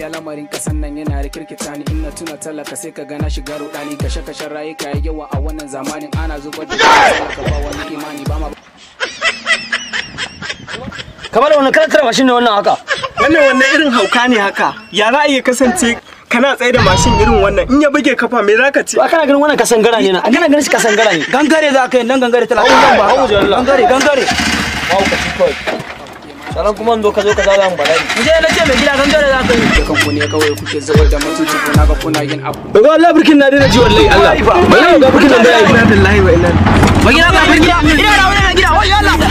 ya lamarin kasan nan yana rikirkita ni ina tuna talaka sai ka gana shiga rudani kashe kashen rayuka ya yawa a wannan zamanin ana zubar da ka ba wani imani ba ma kamar wani karantar mashin ne wannan haka wannan wannan irin hauka ne haka ya za a yi kasance kana tsaye da mashin irin wannan in ya buge kafa me zaka ce kana ganin wannan kasangara ne na kana ganin shi kasangara ne gangare za ka yi nan gangare talaka ba hawo gangare gangare wow ka ci kawai sannan kuma zo ka zo ka zaga mu bala'i. Mu je na ce mai gida gangare za ka yi. ku ne kawai kuke zubar da mutunci ku na ga kuna yin abu ba burkin na ji wallahi Allah ba ga burkin wallahi wa illa ba ba ina wallahi Allah